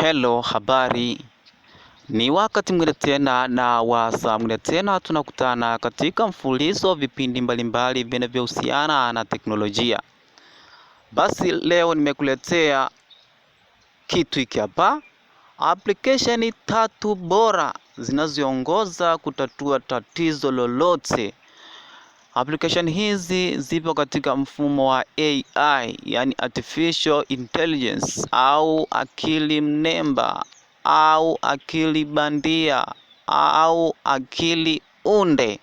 Hello, habari. Ni wakati mwingine tena na wasaa mwingine tena tunakutana katika mfululizo wa vipindi mbalimbali vinavyohusiana na teknolojia. Basi leo nimekuletea kitu hiki hapa, application tatu bora zinazoongoza kutatua tatizo lolote Application hizi zipo katika mfumo wa AI, yani artificial intelligence, au akili mnemba au akili bandia au akili unde,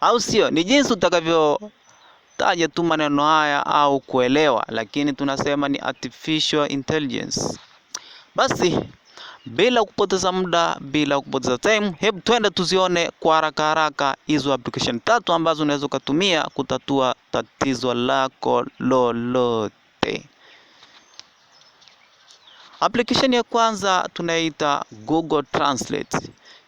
au sio? Ni jinsi utakavyotaja tu maneno haya au kuelewa, lakini tunasema ni artificial intelligence. Basi bila kupoteza muda, bila kupoteza time, hebu twende tuzione kwa haraka haraka hizo application tatu ambazo unaweza ukatumia kutatua tatizo lako lolote. Application ya kwanza tunaita Google Translate.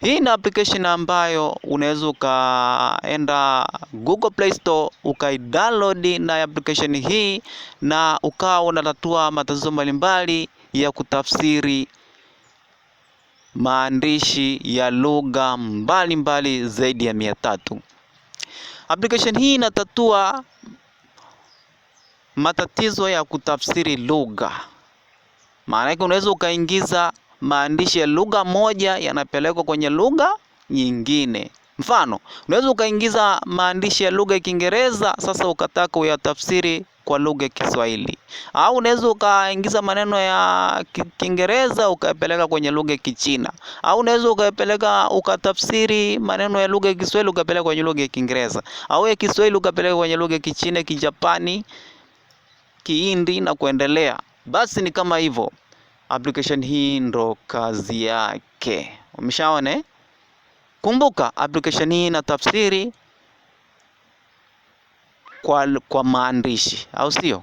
Hii ni application ambayo unaweza ukaenda Google Play Store ukaidownload na application hii na ukawa unatatua matatizo mbalimbali ya kutafsiri maandishi ya lugha mbalimbali zaidi ya mia tatu. Application hii inatatua matatizo ya kutafsiri lugha. Maana yake unaweza ukaingiza maandishi ya lugha moja yanapelekwa kwenye lugha nyingine. Mfano, unaweza ukaingiza maandishi ya lugha ya Kiingereza, sasa ukataka uyatafsiri kwa lugha ya Kiswahili, au unaweza ukaingiza maneno ya Kiingereza ukapeleka kwenye lugha ya Kichina, au unaweza ukayapeleka ukatafsiri maneno ya lugha ya Kiswahili ukapeleka kwenye lugha ya Kiingereza, au ya Kiswahili ukapeleka kwenye lugha ya Kichina, Kijapani, Kihindi na kuendelea. Basi ni kama hivyo. Application hii ndo kazi yake. Umeshaona? Eh? Kumbuka application hii ina tafsiri kwa, kwa maandishi au sio?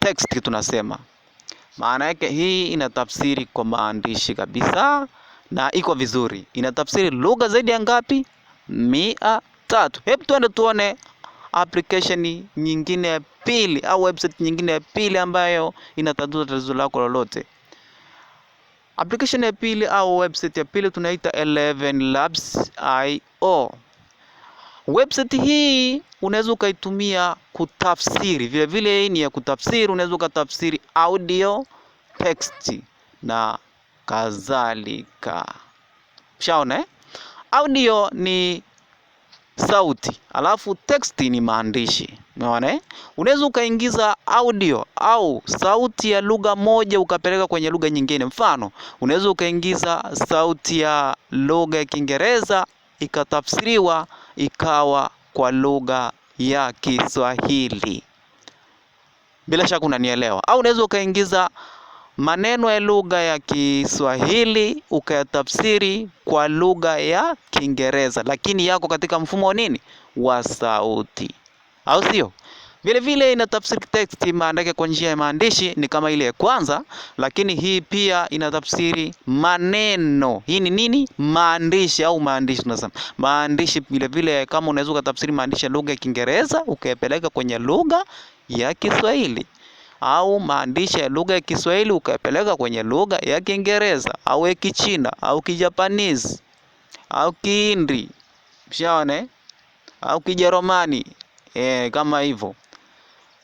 Text tunasema. Maana yake hii inatafsiri kwa maandishi kabisa na iko vizuri. Inatafsiri lugha zaidi ya ngapi? Mia tatu. Hebu tuende tuone application nyingine ya pili au website nyingine ya pili ambayo inatatua tatizo lako lolote. Application ya pili au website ya pili tunaita 11labs.io. Website hii unaweza ukaitumia kutafsiri vile vile, hii ni ya kutafsiri. Unaweza ukatafsiri audio, text na kadhalika. Shaona eh? Audio ni sauti, alafu text ni maandishi. Umeona eh? Unaweza ukaingiza audio au sauti ya lugha moja ukapeleka kwenye lugha nyingine. Mfano, unaweza ukaingiza sauti ya lugha ya Kiingereza ikatafsiriwa ikawa kwa lugha ya Kiswahili. Bila shaka unanielewa. Au unaweza ukaingiza maneno ya lugha ya Kiswahili ukayatafsiri kwa lugha ya Kiingereza, lakini yako katika mfumo wa nini, wa sauti, au sio? Vile vile inatafsiri teksti maana yake kwa njia ya maandishi ni kama ile ya kwanza, lakini hii pia inatafsiri maneno. Hii ni nini? Maandishi au maandishi tunasema. Maandishi vile vile kama unaweza ukatafsiri maandishi ya lugha ya Kiingereza ukayapeleka kwenye lugha ya Kiswahili au maandishi ya lugha ya Kiswahili ukayapeleka kwenye lugha ya Kiingereza au ya Kichina au Kijapanese au Kihindi, mshaona, eh? au Kijerumani, eh, kama hivyo.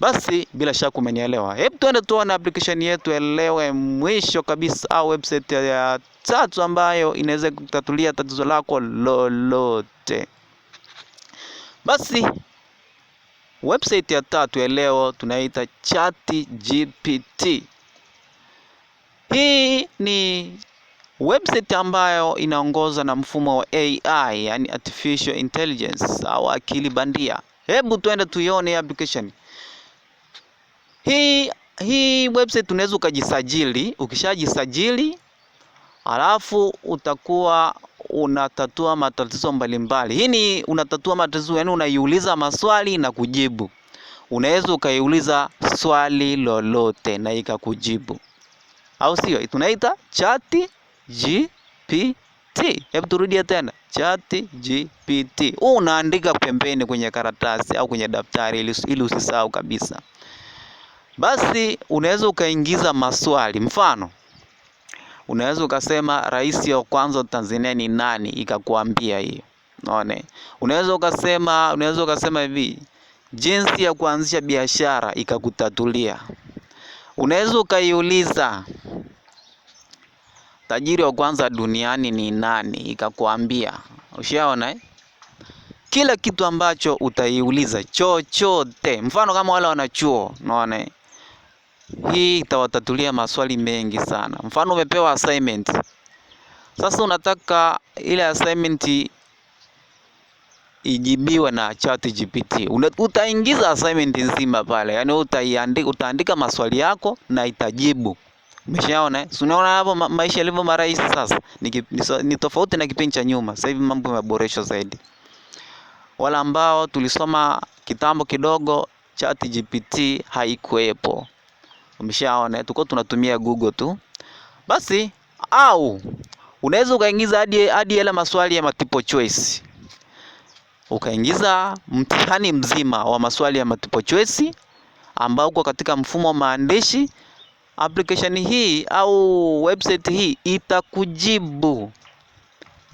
Basi bila shaka umenielewa. Hebu tuende tuone application yetu elewe mwisho kabisa, au website ya tatu ambayo inaweza kutatulia tatizo lako lolote. Basi website ya tatu ya leo tunaita ChatGPT. Hii ni website ambayo inaongozwa na mfumo wa AI, yani artificial intelligence au akili bandia. Hebu tuende tuione application. Hii hii website unaweza ukajisajili. Ukishajisajili alafu utakuwa unatatua matatizo mbalimbali. Hii ni unatatua matatizo, yani unaiuliza maswali na kujibu. Unaweza ukaiuliza swali lolote na ikakujibu, au sio? Tunaita Chat GPT. Hebu turudie tena, Chat GPT. Huu unaandika pembeni kwenye karatasi au kwenye daftari ili usisahau kabisa basi unaweza ukaingiza maswali. Mfano, unaweza ukasema rais wa kwanza wa Tanzania ni nani, ikakuambia hiyo. Unaona, unaweza ukasema unaweza ukasema hivi jinsi ya kuanzisha biashara, ikakutatulia. Unaweza ukaiuliza tajiri wa kwanza duniani ni nani, ikakuambia. Ushaona eh? Kila kitu ambacho utaiuliza chochote, mfano kama wale wanachuo, unaona hii itawatatulia maswali mengi sana. Mfano umepewa assignment. Sasa unataka ile assignment ijibiwe na ChatGPT. Utaingiza assignment nzima pale. yani utaiandika utaandika maswali yako na itajibu. Umeshaona? Si unaona hapo ma maisha yalivyo marahisi sasa. Ni, ni tofauti na kipindi cha nyuma. Sasa hivi mambo yameboreshwa zaidi. Wale ambao tulisoma kitambo kidogo ChatGPT haikuwepo. Umeshaona, tuko tunatumia Google tu basi, au unaweza ukaingiza hadi hadi yale maswali ya multiple choice, ukaingiza mtihani mzima wa maswali ya multiple choice ambao uko katika mfumo wa maandishi. Application hii au website hii itakujibu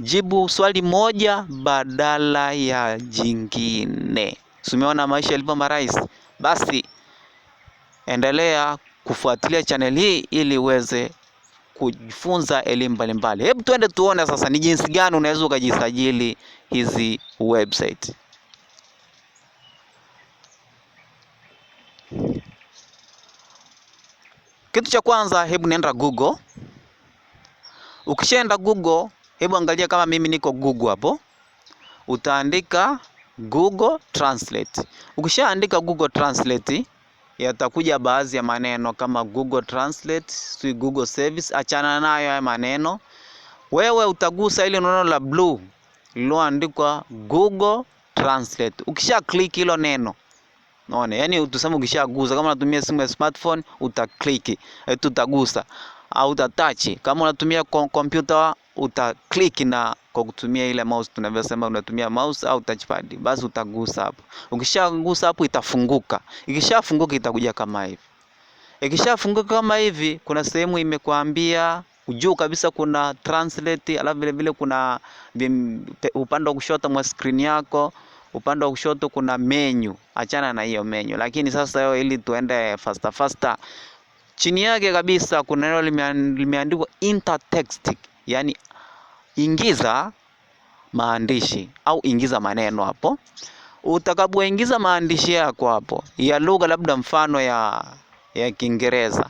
jibu swali moja badala ya jingine. Umeona maisha yalivyo marahisi? Basi endelea kufuatilia channel hii ili uweze kujifunza elimu mbalimbali. Hebu tuende tuone sasa ni jinsi gani unaweza ukajisajili hizi website. Kitu cha kwanza, hebu nenda Google. Ukishaenda Google, hebu angalia kama mimi niko Google hapo, utaandika Google Translate. Ukishaandika Google Translate yatakuja baadhi ya maneno kama Google Translate, si Google Service. Achana nayo haya maneno, wewe utagusa ile neno la blue lililoandikwa Google Translate. Ukisha click hilo neno Unaona? yani tuseme ukishagusa kama unatumia simu ya smartphone uta click, utagusa au utatouch. Kama unatumia kompyuta uta click na kwa kutumia ile mouse, tunavyosema unatumia mouse au touchpad, basi utagusa hapo. Ukishagusa hapo itafunguka, ikishafunguka itakuja kama hivi. Ikishafunguka kama hivi, kuna sehemu imekuambia juu kabisa kuna translate, alafu vile vile kuna upande wa kushoto mwa screen yako upande wa kushoto kuna menu. Achana na hiyo menu, lakini sasa yo, ili tuende faster faster, chini yake kabisa kuna neno limeandikwa intertextic yani ingiza maandishi au ingiza maneno hapo. Utakapoingiza maandishi yako hapo ya lugha, labda mfano ya ya Kiingereza,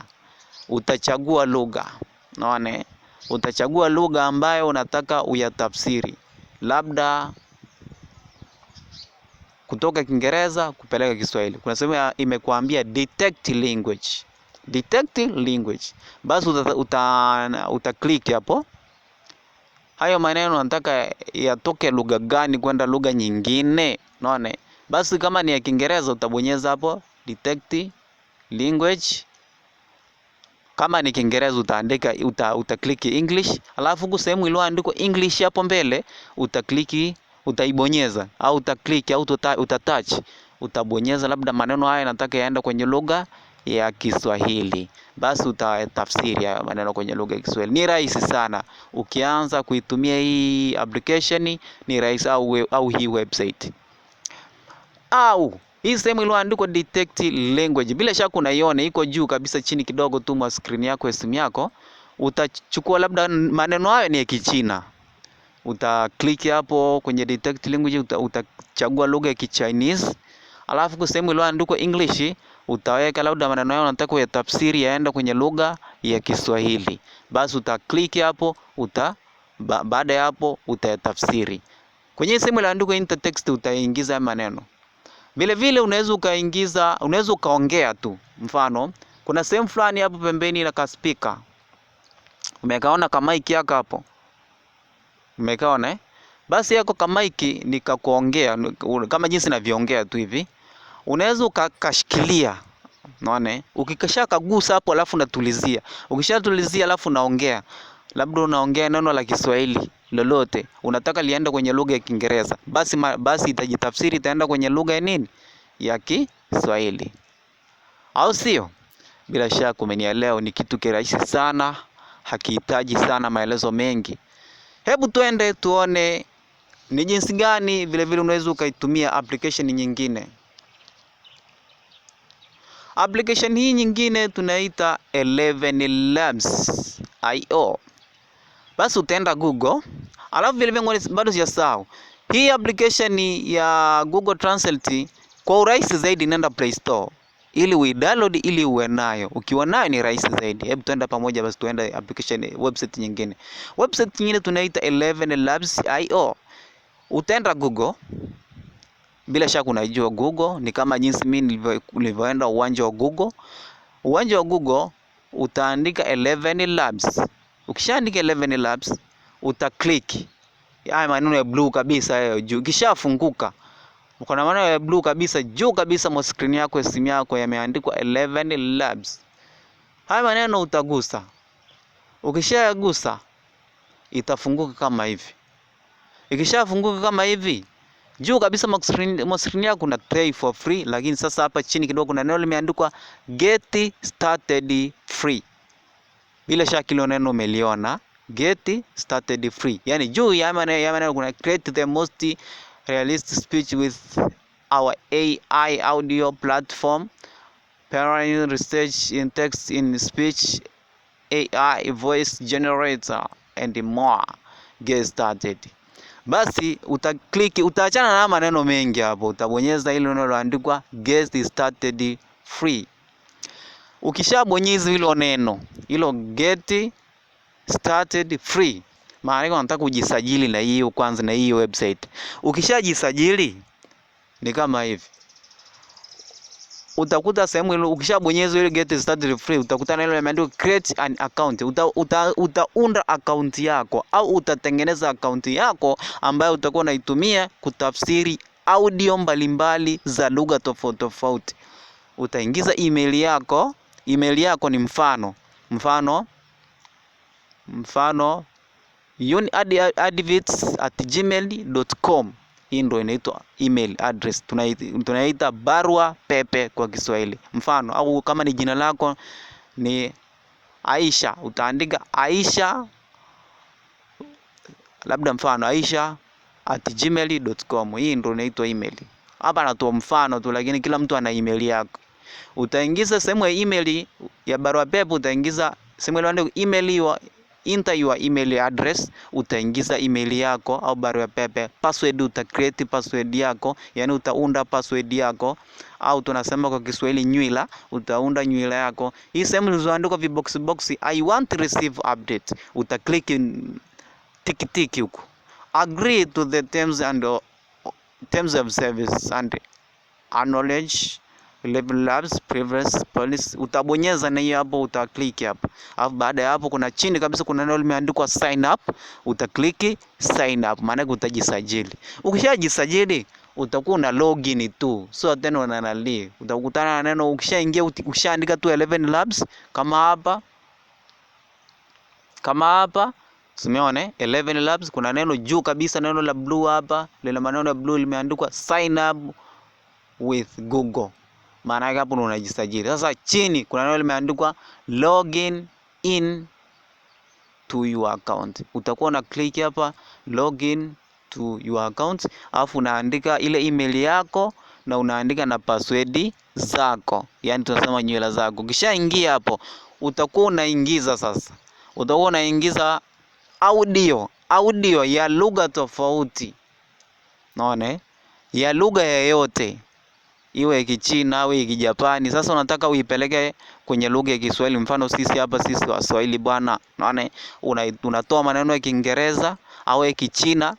utachagua lugha, unaona, eh? utachagua lugha ambayo unataka uyatafsiri, labda kutoka Kiingereza kupeleka Kiswahili. Kuna sehemu imekuambia detect language, detect language, basi uta, uta, uta click hapo hayo maneno nataka yatoke lugha gani kwenda lugha nyingine, unaona? Basi kama ni ya Kiingereza utabonyeza hapo detect language. Kama ni Kiingereza utaandika uta, utakliki English, alafu huku sehemu iliyoandikwa English hapo mbele utakliki, utaibonyeza au utakliki au utatouch, utabonyeza labda maneno haya nataka yaenda kwenye lugha ya Kiswahili, basi utatafsiri maneno kwenye lugha ya Kiswahili. Ni rahisi sana ukianza kuitumia hii application, ni rahisi au, au hii website au hii sehemu iliyoandikwa detect language, bila shaka unaiona, iko juu kabisa, chini kidogo tu mwa screen yako ya simu yako. Utachukua labda maneno hayo ni ya Kichina, uta click hapo kwenye detect language, utachagua uta lugha ya Kichinese Alafu kusehemu iliyoandikwa English utaweka labda maneno yao unataka uyatafsiri yaenda kwenye lugha ya Kiswahili. Basi utakliki hapo uta ba, baada ya hapo utayatafsiri. Kwenye sehemu iliyoandikwa intertext utaingiza maneno. Vile vile unaweza ukaingiza unaweza ukaongea tu. Mfano, kuna sehemu fulani hapo pembeni na ka speaker Umekaona kama mic yako hapo. Umekaona eh? Basi yako kama iki nikakuongea kama jinsi navyoongea tu hivi unaweza ukakashikilia unaona eh? ukikasha kagusa hapo alafu unatulizia ukishatulizia alafu unaongea labda unaongea neno la Kiswahili lolote unataka lienda kwenye lugha ya Kiingereza basi, ma, basi itajitafsiri itaenda kwenye lugha ya nini ya Kiswahili au sio? Bila shaka umenielewa, ni kitu kirahisi sana, hakihitaji sana maelezo mengi. Hebu twende tuone ni jinsi gani vilevile unaweza ukaitumia application nyingine. Application hii nyingine tunaita 11 Labs IO. Basi utaenda Google, alafu vile vile bado sijasahau. Hii application ya Google Translate kwa urahisi zaidi nenda Play Store ili we download ili uwe nayo. Ukiwa nayo ni rahisi zaidi. Hebu tuenda pamoja basi tuende application website nyingine. Website nyingine tunaita 11labs.io. Utaenda Google bila shaka unajua Google, ni kama jinsi mimi nilivyoenda uwanja wa Google. Uwanja wa Google utaandika 11 labs. Ukishaandika 11 labs, uta click haya maneno ya blue kabisa hayo juu, kishafunguka uko na maneno ya blue kabisa juu kabisa mwa screen yako ya simu yako yameandikwa 11 labs. Haya maneno utagusa, ukishayagusa itafunguka kama hivi. Ikishafunguka kama hivi juu kabisa mwa screen yako kuna try for free, lakini sasa hapa chini kidogo kuna neno limeandikwa get started free. Bila shaka ile neno umeliona get started free. Yani juu ya maneno kuna create the most realistic speech with our AI audio platform Parallel research in text in speech AI voice generator and more. Get started basi utakliki, utaachana na maneno mengi hapo, utabonyeza hilo linaloandikwa get started free. Ukishabonyeza hilo neno hilo get started free, maana nataka kujisajili na hiyo kwanza, na hiyo website. Ukishajisajili ni kama hivi utakuta sehemu ile ukishabonyeza ile get started free, utakutana ile imeandikwa create an account. Uta, uta, utaunda account yako au utatengeneza account yako ambayo utakuwa unaitumia kutafsiri audio mbalimbali za lugha tofauti tofauti. Utaingiza email yako. Email yako ni mfano mfano mfano uniadvits at gmail.com hii ndio inaitwa email address, tunaita barua pepe kwa Kiswahili. Mfano, au kama ni jina lako ni Aisha, utaandika Aisha labda mfano Aisha at gmail.com. Hii ndio inaitwa email. Hapa natoa mfano tu, lakini kila mtu ana email yake. Utaingiza sehemu ya email ya barua pepe, utaingiza sehemu ile email enter your email address, utaingiza email yako au barua pepe. Password uta create password yako, yani utaunda password yako au tunasema kwa Kiswahili nywila, utaunda nywila yako. Hii sehemu zilizoandikwa vibox box, I want to receive update, uta click tiki tiki huko, agree to the terms and terms of service and acknowledge Level Labs Previous Police utabonyeza na hiyo hapo, uta click hapo, alafu baada ya hapo kuna chini kabisa kuna neno limeandikwa sign up, uta click sign up, maana utajisajili. Ukishajisajili utakuwa una login tu, so then na nali, utakutana na neno. Ukishaingia ushaandika tu 11 Labs kama hapa, kama hapa Simeone 11 labs kuna neno juu kabisa, neno la blue hapa, lina maneno ya blue limeandikwa sign up with Google maana yake hapo unajisajili. Sasa chini kuna neno limeandikwa login in to your account. Utakuwa na click hapa login to your account, alafu unaandika ile email yako na unaandika na password zako, yani tunasema nywela zako. Ukishaingia hapo, utakuwa unaingiza sasa, utakuwa unaingiza audio audio ya lugha tofauti, naona eh? ya lugha yoyote iwe Kichina iwe Kijapani. Sasa unataka uipeleke kwenye lugha ya Kiswahili. Mfano sisi hapa sisi Waswahili bwana, unaona una, unatoa maneno ya Kiingereza au ya Kichina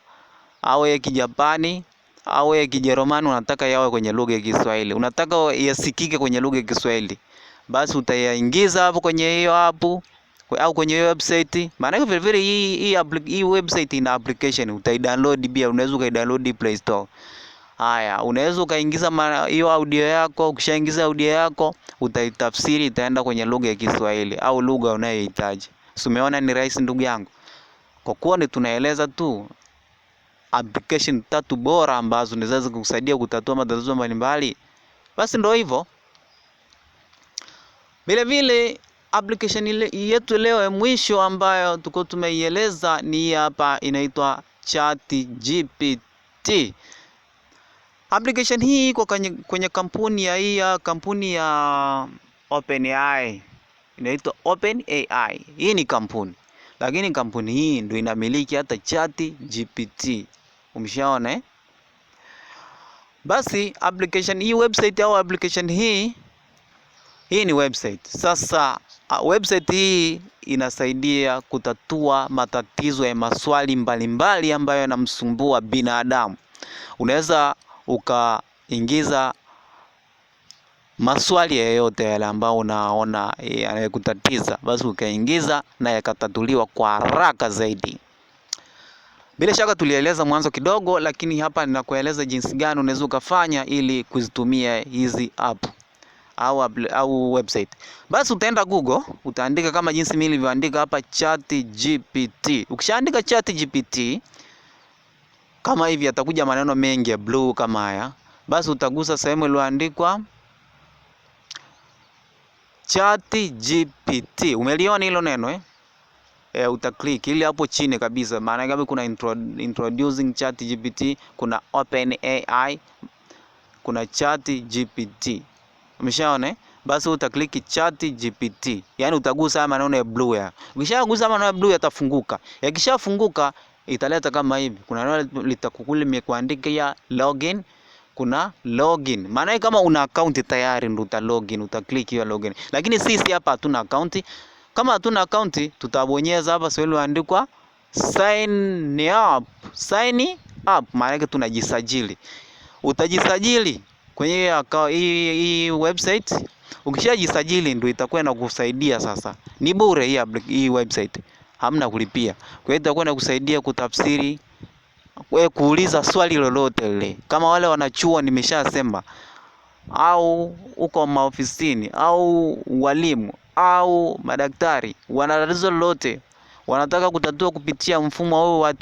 au ya Kijapani au ya Kijerumani, unataka yawe kwenye lugha ya Kiswahili, unataka yasikike kwenye lugha ya Kiswahili, basi utayaingiza hapo kwenye hiyo app au kwenye hiyo website. Maana vile vile hii hii website ina application, utaidownload pia, unaweza ukaidownload Play Store. Haya, unaweza ukaingiza hiyo audio yako. Ukishaingiza audio yako, utaitafsiri itaenda kwenye lugha ya Kiswahili au lugha unayohitaji. Si umeona ni rahisi, ndugu yangu? Kwa kuwa ni tunaeleza tu application tatu bora ambazo zinaweza kukusaidia kutatua matatizo mbalimbali, basi ndio hivyo. Vile vile application ile yetu leo ya mwisho ambayo tuko tumeieleza ni hapa, inaitwa ChatGPT. Application hii iko kwenye kampuni ya hii ya kampuni ya OpenAI. Inaitwa OpenAI. Hii ni kampuni. Lakini kampuni hii ndio inamiliki hata chati GPT. Umeshaona eh? Basi application hii website au application hii hii ni website. Sasa ah, website hii inasaidia kutatua matatizo ya maswali mbalimbali mbali ambayo yanamsumbua binadamu. Unaweza ukaingiza maswali yeyote yale ambayo unaona e, yanayokutatiza, basi ukaingiza na yakatatuliwa kwa haraka zaidi. Bila shaka tulieleza mwanzo kidogo, lakini hapa ninakueleza jinsi gani unaweza ukafanya ili kuzitumia hizi app au, au website. Basi utaenda Google, utaandika kama jinsi mimi nilivyoandika hapa, ChatGPT. Ukishaandika ChatGPT kama hivi atakuja maneno mengi ya blue kama haya, basi utagusa sehemu iliyoandikwa Chat GPT. Umeliona hilo neno eh? E, utaclick ili hapo chini kabisa, maana kama kuna intro, introducing Chat GPT, kuna open AI, kuna Chat GPT. Umeshaona eh? Basi Chat GPT. yaani utagusa haya maneno ya blue ya. Ukishagusa maneno ya blue yatafunguka, yakishafunguka italeta kama hivi. Kuna neno litakukuli imekuandikia login, kuna login. Maana kama una account tayari ndio uta login, uta click hiyo login. Lakini sisi hapa hatuna account. Kama hatuna account tutabonyeza hapa swali liloandikwa sign up. Sign up maana yake tunajisajili. Utajisajili kwenye hii website. Ukishajisajili ndio itakuwa inakusaidia sasa. Ni bure hii website hamna kulipia. Kwa hiyo itakuwa inakusaidia kutafsiri we kuuliza swali lolote lile, kama wale wanachuo nimeshasema, au uko maofisini au walimu au madaktari, wana tatizo lolote wanataka kutatua kupitia mfumo huu wa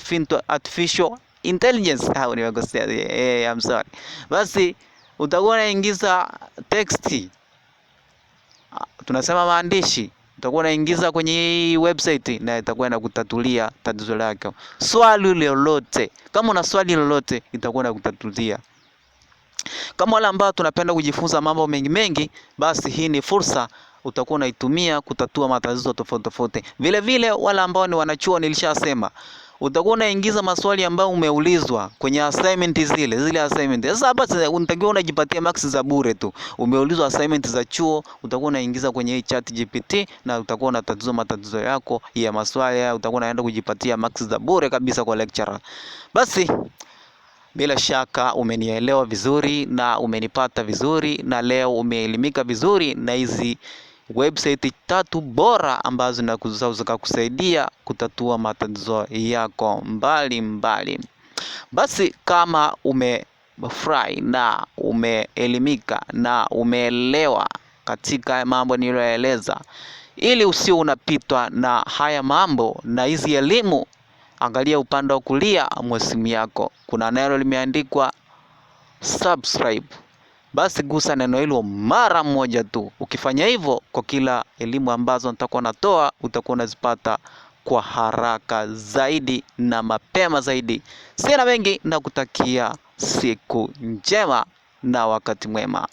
artificial intelligence. Au nimekosea? Eh, eh, I'm sorry. Basi utakuwa unaingiza text, ah, tunasema maandishi utakuwa unaingiza kwenye hii website na itakuwa inakutatulia tatizo lako. Swali lolote, kama una swali lolote itakuwa inakutatulia. Kama wale ambao tunapenda kujifunza mambo mengi mengi, basi hii ni fursa utakuwa unaitumia kutatua matatizo tofauti tofauti. Vile vile wale ambao ni wanachuo, nilishasema utakuwa unaingiza maswali ambayo umeulizwa kwenye assignment zile zile assignment. Sasa hapa unatakiwa unajipatia marks za bure tu. Umeulizwa assignment za chuo, utakuwa unaingiza kwenye hii chat GPT na utakuwa unatatizo matatizo yako ya maswali ya utakuwa unaenda kujipatia marks za bure kabisa kwa lecturer. Basi bila shaka umenielewa vizuri na umenipata vizuri na leo umeelimika vizuri na hizi website tatu bora ambazo zinakuza zikakusaidia kutatua matatizo yako mbalimbali mbali. Basi kama umefurahi na umeelimika na umeelewa katika mambo niliyoeleza, ili usio unapitwa na haya mambo na hizi elimu, angalia upande wa kulia mwa simu yako, kuna neno limeandikwa subscribe basi gusa neno hilo mara moja tu. Ukifanya hivyo, kwa kila elimu ambazo nitakuwa natoa utakuwa unazipata kwa haraka zaidi na mapema zaidi. Sina mengi na kutakia siku njema na wakati mwema.